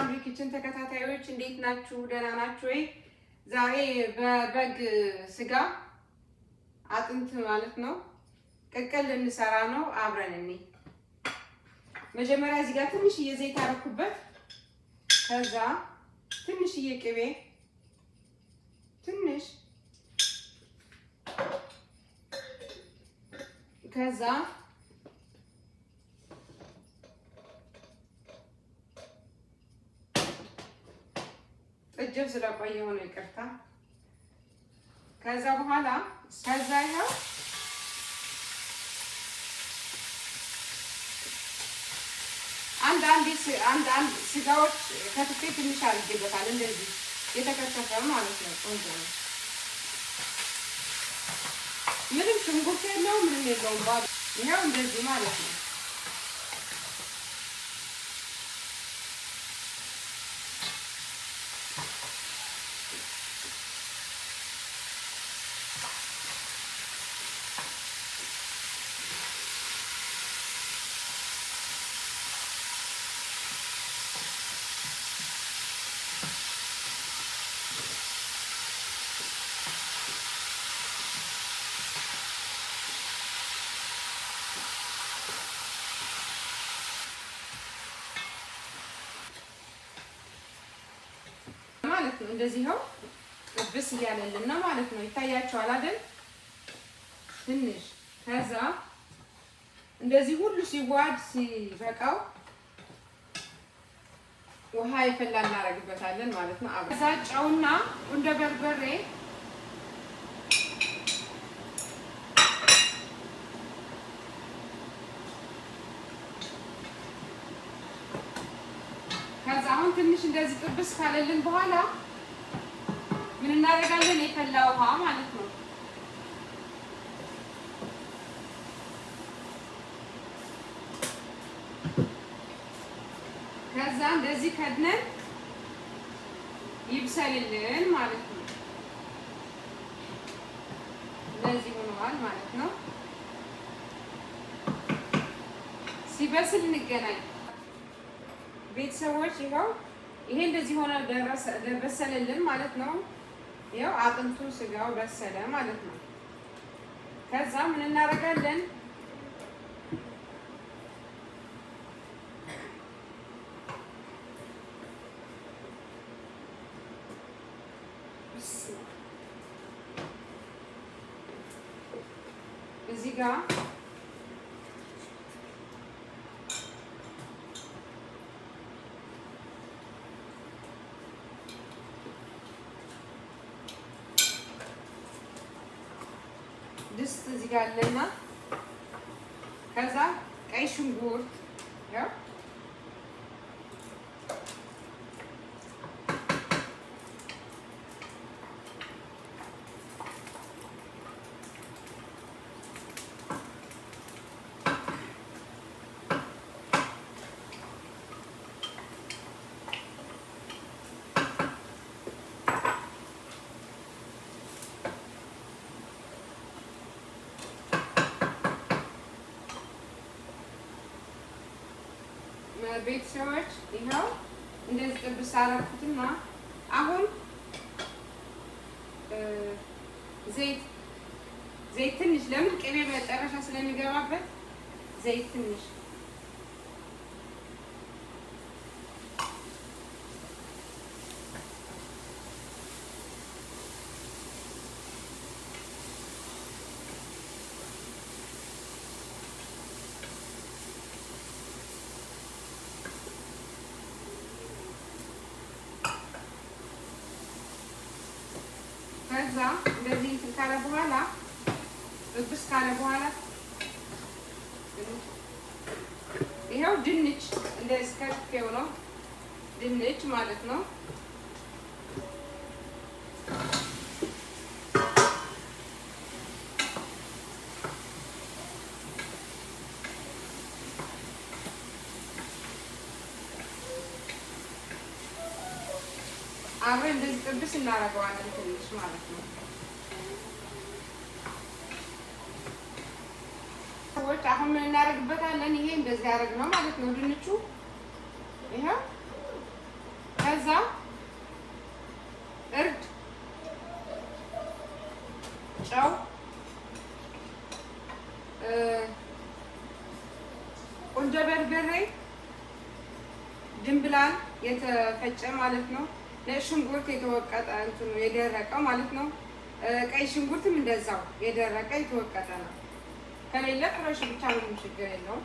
የሳምሪ ኪችን ተከታታዮች እንዴት ናችሁ? ደህና ናችሁ ወይ? ዛሬ በበግ ስጋ አጥንት ማለት ነው ቅቅል ልንሰራ ነው። አብረን እኔ መጀመሪያ እዚህ ጋር ትንሽዬ ዘይት አደረኩበት። ከዛ ትንሽዬ ቅቤ፣ ትንሽ ከዛ ረጅም ስለቆየሁ ነው፣ ይቅርታ። ከዛ በኋላ ከዛ ይኸው አንድ አንድ ስጋዎች ከትፌ ትንሽ አድርጌበታል። እንደዚህ የተከተፈ ማለት ነው። ቆንጆ ነው። ምንም ሽንኩርት የለውም ምንም የለውም። ባዶ ይኸው እንደዚህ ማለት ነው። ነው። እንደዚህ ይኸው ጥብስ እያለልን ነው ማለት ነው። ይታያቸዋል አይደል? ትንሽ ከዛ እንደዚህ ሁሉ ሲዋድ ሲበቃው ውሃ የፈላ እናደርግበታለን ማለት ነው። አብረን ከዛ ጨውና እንደ በርበሬ ከዛ አሁን ትንሽ እንደዚህ ጥብስ ካለልን በኋላ ምን እናደርጋለን? የፈላ ውሃ ማለት ነው። ከዛ እንደዚህ ከድነን ይብሰልልን ማለት ነው። እንደዚህ ሆነዋል ማለት ነው። ሲበስል እንገናኝ ቤተሰቦች። ይኸው ይሄ እንደዚህ ሆነ፣ ደረሰልን ማለት ነው። ይኸው አጥንቱ ስጋው በሰለ ማለት ነው። ከዛ ምን እናደርጋለን? እዚህ ጋር ድስት እዚህ ጋር አለና ከዛ ቀይ ሽንኩርት ቤተሰቦች ይኸው እንደዚህ ጥብስ አደረኩትና አሁን ዘይት ዘይት ትንሽ ለምን ቅቤ መጨረሻ ስለሚገባበት ዘይት ትንሽ ከዛ እንደዚህ እንትን ካለ በኋላ እብስ ካለ በኋላ ይኸው ድንች እንደ እስከ ነው ድንች ማለት ነው። አብረን እንደዚህ ጥብስ እናደርገዋለን ትንሽ ማለት ነው። ሰዎች አሁን ምን እናደርግበታለን? ይሄ እንደዚህ ያደርግ ነው ማለት ነው። ድንቹ ይኸው። ከዛ እርድ፣ ጨው፣ ቁንዶ በርበሬ፣ ድንብላል የተፈጨ ማለት ነው ነጭ ሽንኩርት የተወቀጠ እንትኑ የደረቀው ማለት ነው። ቀይ ሽንኩርትም እንደዛው የደረቀ የተወቀጠ ነው። ከሌለ ጥረሽ ብቻ ምንም ችግር የለውም።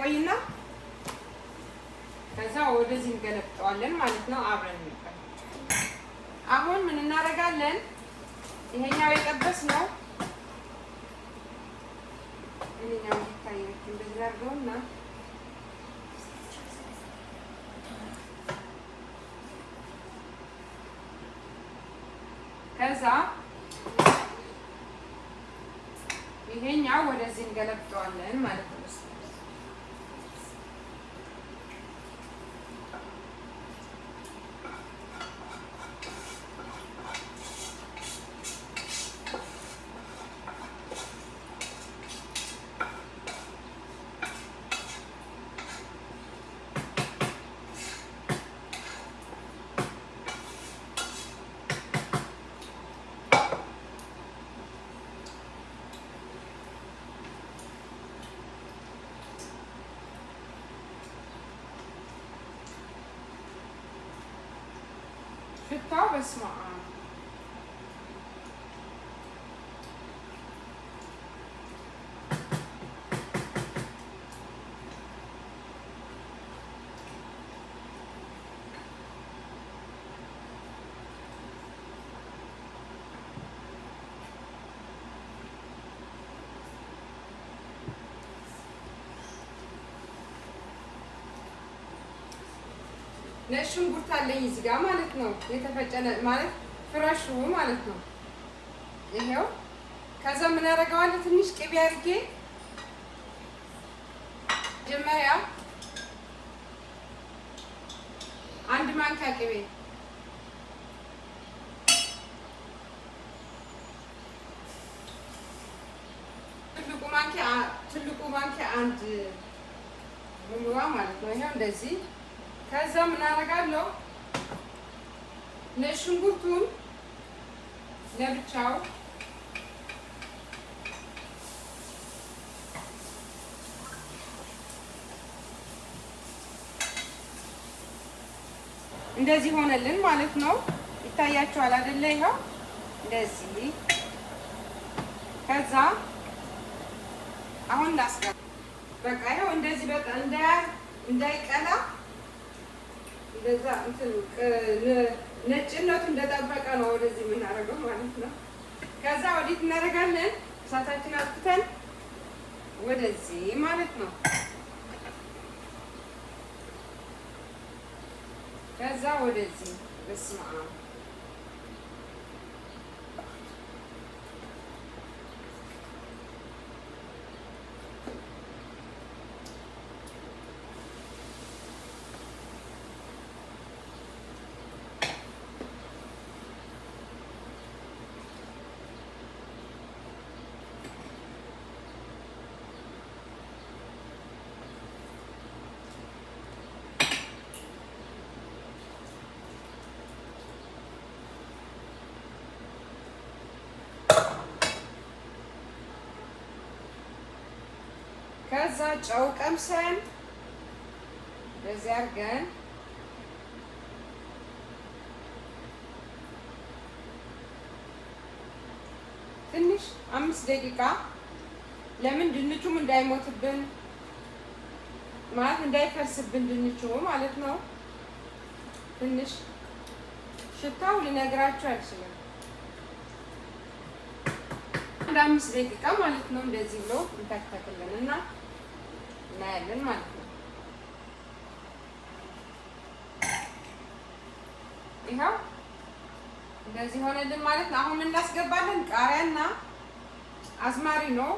ቆይና ከዛ ወደዚህ እንገለብጠዋለን ማለት ነው። አብረን እንቀር። አሁን ምን እናደርጋለን? ይሄኛው የጠበስ ነው። ይሄኛው ይታየች እንደዚህ አድርገውና ከዛ ይሄኛው ወደዚህ እንገለብጠዋለን ማለት ነው። في الطعم اسمع ነጭ ሽንኩርት አለኝ እዚህ ጋር ማለት ነው። የተፈጨ ማለት ፍረሹ ማለት ነው። ይሄው ከዛ ምን አደርገዋለሁ? ትንሽ ቅቤ አድርጌ መጀመሪያ አንድ ማንኪያ ቅቤ ትልቁ ማንኪያ ትልቁ ማንኪያ አንድ ሙሉዋ ማለት ነው። ይሄው እንደዚህ ከዛ ምን አደርጋለሁ? ነጭ ሽንኩርቱን ለብቻው እንደዚህ ሆነልን ማለት ነው። ይታያችኋል አይደለ? ይኸው እንደዚህ። ከዛ አሁን ላስቀር በቃ ይኸው እንደዚህ በቃ እንዳይቀላ እንደዛ እንትን ነጭነቱ እንደጠበቀ ነው ወደዚህ የምናደርገው ማለት ነው። ከዛ ወዴት እናደርጋለን? እሳታችን አጥፍተን ወደዚህ ማለት ነው። ከዛ ወደዚህ በስመ አብ ከዛ ጨው ቀምሰን በዚህ አድርገን ትንሽ አምስት ደቂቃ ለምን ድንቹም እንዳይሞትብን ማለት እንዳይፈርስብን ድንቹ ማለት ነው። ትንሽ ሽታው ልነግራችሁ አልችልም። አንድ አምስት ደቂቃ ማለት ነው። እንደዚህ ብሎ እንታክታክለን እና እናያለን ማለት ነው። ይኸው እንደዚህ ሆነልን ማለት ነው። አሁን እናስገባለን ቃሪያና አዝማሪ ነው።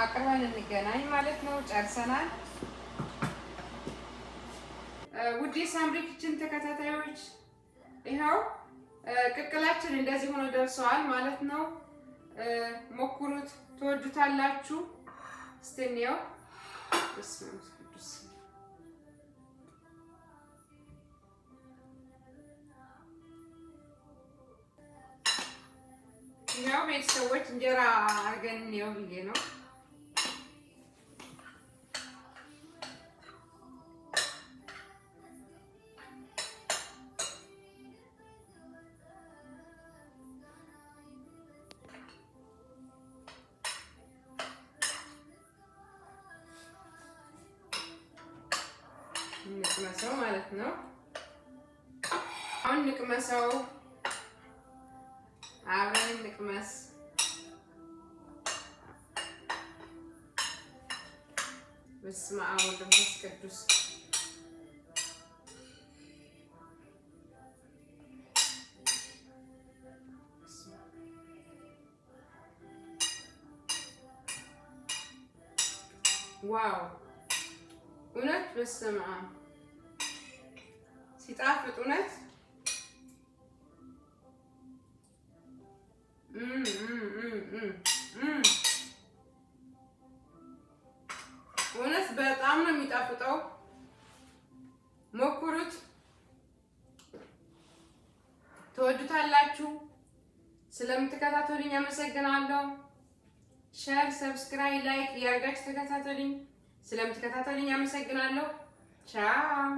አቅርበን እንገናኝ ማለት ነው። ጨርሰናል። ውዴ ሳምሪ ኪችን ተከታታዮች ይኸው ቅቅላችን እንደዚህ ሆኖ ደርሰዋል ማለት ነው። ሞክሩት፣ ትወዱታላችሁ። እስቲ እንየው። ይኸው ቤተሰቦች እንጀራ አድርገን እንየው ብዬ ነው። እንቅመሰው ማለት ነው። አሁን እንቅመሰው አብረን እንቅመስ። በስመ አብ ወወልድ ወመንፈስ ቅዱስ ዋው እውነት በስመ አብ ሲጣፍጥ እውነት እውነት በጣም ነው የሚጣፍጠው። ሞክሩት፣ ትወዱታላችሁ። ስለምትከታተሉኝ አመሰግናለሁ። ሸር፣ ሰብስክራይብ፣ ላይክ እያደረጋችሁ ተከታተሉኝ። ስለምትከታተሉኝ አመሰግናለሁ። ቻው